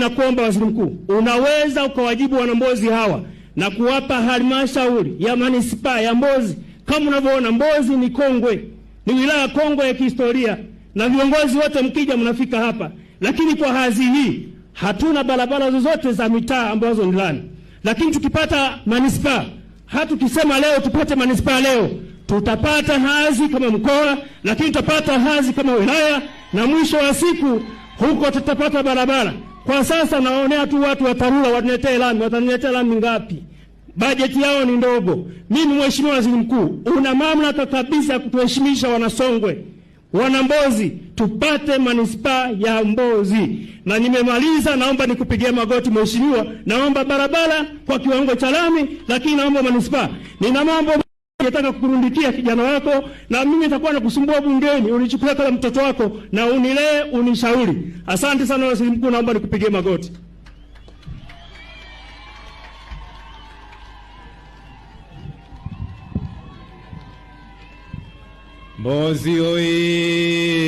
na kuomba waziri mkuu, unaweza ukawajibu wanambozi hawa na kuwapa halmashauri ya manispaa ya Mbozi. Kama unavyoona Mbozi ni kongwe, ni wilaya kongwe ya kihistoria, na viongozi wote mkija mnafika hapa, lakini kwa hazi hii hatuna barabara zozote za mitaa ambazo ni lami. Lakini tukipata manispaa, hatukisema leo tupate manispaa leo, tutapata hazi kama mkoa, lakini tutapata hazi kama wilaya, na mwisho wa siku huko tutapata barabara. Kwa sasa nawaonea tu watu wa TARURA watuletee lami. Wataniletea lami ngapi? Bajeti yao ni ndogo. Mimi Mheshimiwa Waziri Mkuu, una mamlaka kabisa ya kutuheshimisha Wanasongwe, Wanambozi, tupate manispaa ya Mbozi. Na nimemaliza, naomba nikupigie magoti Mheshimiwa, naomba barabara kwa kiwango cha lami, lakini naomba manispaa, nina mambo Nataka kukurundikia kijana wako na mimi nitakuwa nakusumbua bungeni, unichukue kama mtoto wako na unilee, unishauri. Asante sana waziri mkuu, naomba nikupigie magoti. Mbozi oye!